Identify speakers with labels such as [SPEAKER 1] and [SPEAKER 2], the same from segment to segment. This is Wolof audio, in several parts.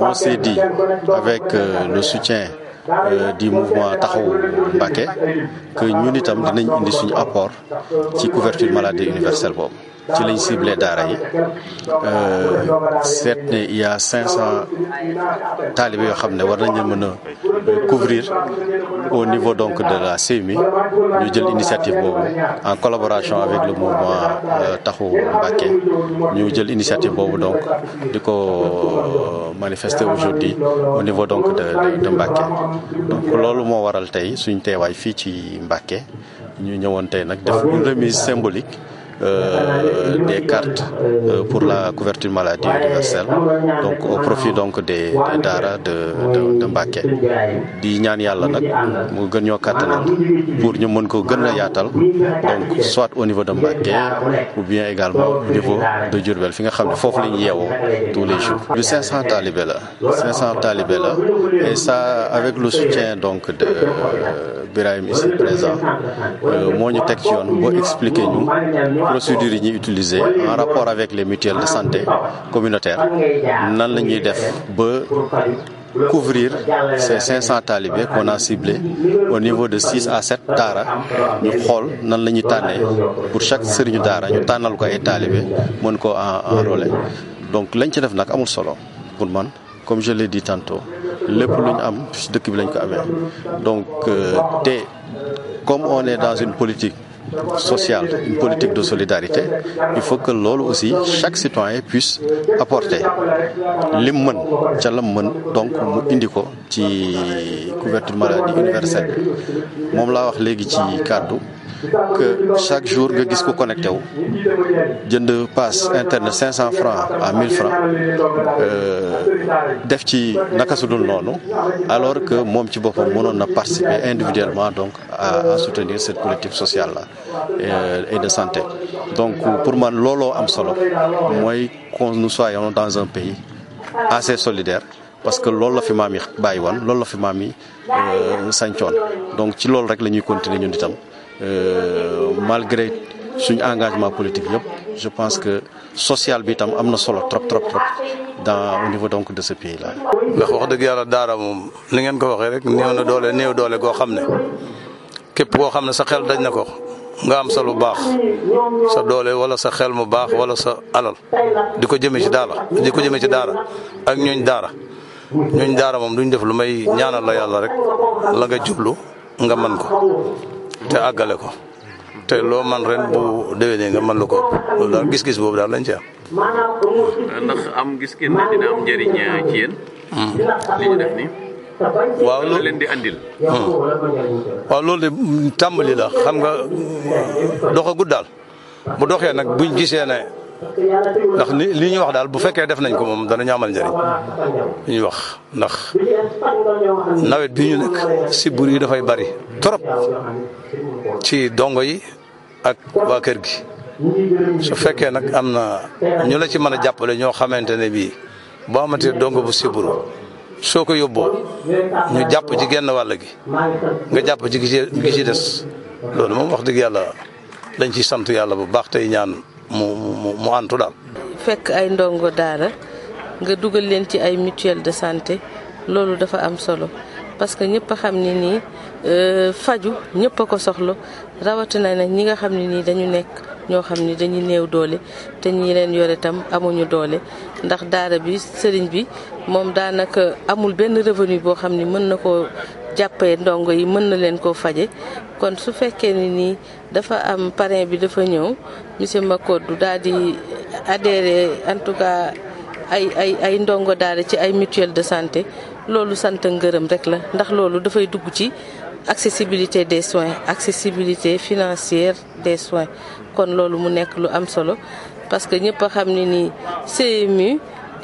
[SPEAKER 1] On s'est dit, avec euh, le soutien euh, di mouvement Taxawu Mbacké que ñun itam dinañ indi suñu apport ci couverture maladie universelle boobu. ci lañ ciblé daara yi euh, seet ne il y a taalibe yoo xam ne war nañ leen mën couvrir au niveau donc de la CMI ñu jël initiative boobu en collaboration avec le mouvement euh, Taxu Mbàkke ñu jël initiative boobu donc di ko euh, manifester aujourd'hui au niveau donc de de Mbàkke donc loolu moo waral tey suñ teewaay fii ci Mbàkke ñu ñëwoon tey nag def une remise symbolique. Euh, des cartes euh, pour la couverture maladie universelle donc au profit donc des des daara de de de di ñaan yàlla nag moo gën ñoo kàttanal pour ñu mën ko gën a yaatal donc soit au niveau de Mbacké ou bien également au niveau de Diourbel fi nga xam ne foofu la ñu yeewoo tous les jours. du 500 talibé la
[SPEAKER 2] 500 talibé la et ça avec le soutien donc de euh, Birahim ici présent moo ñu teg ci yoon boo expliqué ñu. procédures yi ñuy
[SPEAKER 1] utiliser en rapport avec les mutuelles de santé communautaire
[SPEAKER 2] nan la ñuy def
[SPEAKER 1] ba couvrir ces 500 talibés qu'on a ciblés au niveau de 6 à 7 daara ñu xool nan la ñuy tànnee pour chaque sëriñu daara ñu tànnal ko ay talibé mën ko en enrôler donc lañ ci def nag amul solo pour man comme je l'ai dit tanto lépp lu ñu am dëkk bi lañ ko amee donc euh, te comme on est dans une politique sociale, une de solidarité, il faut que loolu aussi chaque citoyen puisse apporter lim mën ca lam mën donc mu indi ko ci couverture maladie universelle moom la wax léegi ci kàddu que chaque jour nga gis ko connecté wu jënd pass internet 500 francs à 1000 francs euh, def ci naka su noonu alors que moom ci boppam mënoon na participer individuellement donc à soutenir cette collectif sociale euh, la et de santé donc pour man looloo am solo mooy qu'on nous soyons dans un pays assez solidaire parce que loolu la fi maam yi bàyyi woon loolu la fi maam yi euh, sañcoon donc ci loolu rek la ñuy continuer ñun itam Euh, malgré suñ engagement politique yëpp je pense que social bi tam am na solo trop trop trop dans au niveau donc de ce pays
[SPEAKER 2] la ndax wax
[SPEAKER 3] dëgg yàlla daara moom ni ngeen ko waxee rek néew na doole néew doole goo xam ne képp koo xam ne sa xel dañ na ko nga am sa lu baax sa doole wala sa xel mu baax wala sa alal di ko jëmee ci daara di ko jëmee ci daara ak ñooñ daara ñooñ daara moom duñ def lu may ñaanal la yàlla rek la jublu nga mën ko. te àggale ko te loo man ren bu déwénee nga mën lu ko loolu gis-gis boobu daal lañ ci am. gis ngeen ne dina am
[SPEAKER 1] njëriñ euh, ci yéen. Hmm. li ñu
[SPEAKER 3] leen di andil. Hmm. waaw loolu de tàmbali la xam nga doxagut daal bu doxee nag buñ gisee ne.
[SPEAKER 1] ndax
[SPEAKER 3] ni li ñuy wax daal bu fekkee def nañ ko moom dana ñaamal njëriñ li ñuy wax ndax
[SPEAKER 1] nawet bi ñu nekk
[SPEAKER 3] sibur yi dafay bari trop ci dongo yi ak waa kër gi su fekkee nag am na ñu la ci mën a jàppale ñoo xamante ne bii boo amatee dongo bu siburu soo ko yóbboo ñu jàpp ci genn wàll gi nga jàpp ci gi ci des loolu moom wax dëgg yàlla lañ ciy sant yàlla bu baax tey ñaan mu mu mu antu daal.
[SPEAKER 2] fekk ay ndongo daara nga dugal leen ci ay mutuelle de santé loolu dafa am solo parce que ñëpp a xam ne nii euh, faju ñëpp a ko soxla rawatina nag ñi nga xam ne nii dañu nekk ñoo xam ni dañuy néew doole te ñi leen yore tam amuñu doole ndax daara bi sëriñ bi moom daanaka amul benn revenu boo xam ni mën na ko jàppee ndongo yi mën na leen koo faje kon su fekkee ni nii dafa am parrain bi dafa ñëw ma koddu daal di adhéré en tout cas ay ay ay ndongo daara ci ay mutuelle de santé loolu sant ngërëm rek la ndax loolu dafay dugg ci accessibilité des soins accessibilité financière des soins kon loolu mu nekk lu am solo parce que ñëpp a xam ne nii CMU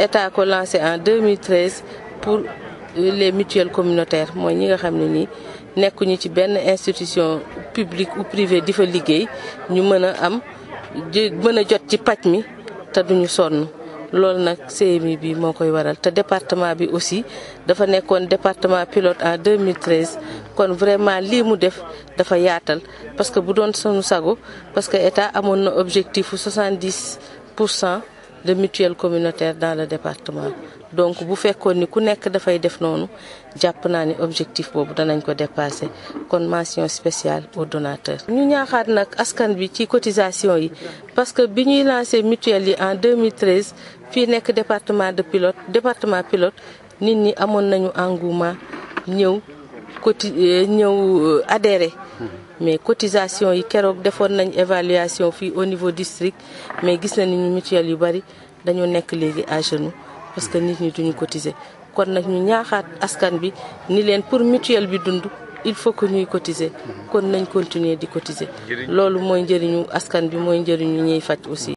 [SPEAKER 2] état ko lancé en pour Euh, les mutuelles communautaires mooy ñi nga xam ne nii nekkuñu ci benn institution publique ou privée di fa liggéey ñu mën a am mën a jot ci paj mi te duñu sonn loolu nag CMI bi moo koy waral te département bi aussi dafa nekkoon département pilote en 2013 kon vraiment lii mu def dafa yaatal parce que bu doon sunu sago parce que état amoon na objectif 70 pour cent de mutuelle communautaire dans le département donc bu fekkoon ni ku nekk dafay def noonu jàpp naa ni objectif boobu danañ ko dépasser kon mention spéciale au donateur. ñu ñaaxaat nag askan bi ci cotisation yi parce que bi ñuy lancé mutuelle yi en 2013 fii nekk département de pilote département pilote nit ñi amoon nañu engouement ñëw. coti eh, ñëw eh, adhéré mm-hmm. mais cotisation yi keroog defoon nañ évaluation fii au niveau district mais gis nañ ñu mutuelle yu bari dañoo nekk léegi à genoux parce que nit ñi duñu cotiser kon nag ñu ñaaxaat askan bi ni leen pour mutuelle bi dund il faut que ñuy cotiser mm-hmm. kon nañ continuer di cotiser loolu mooy njëriñu askan bi mooy njëriñu ñuy faj aussi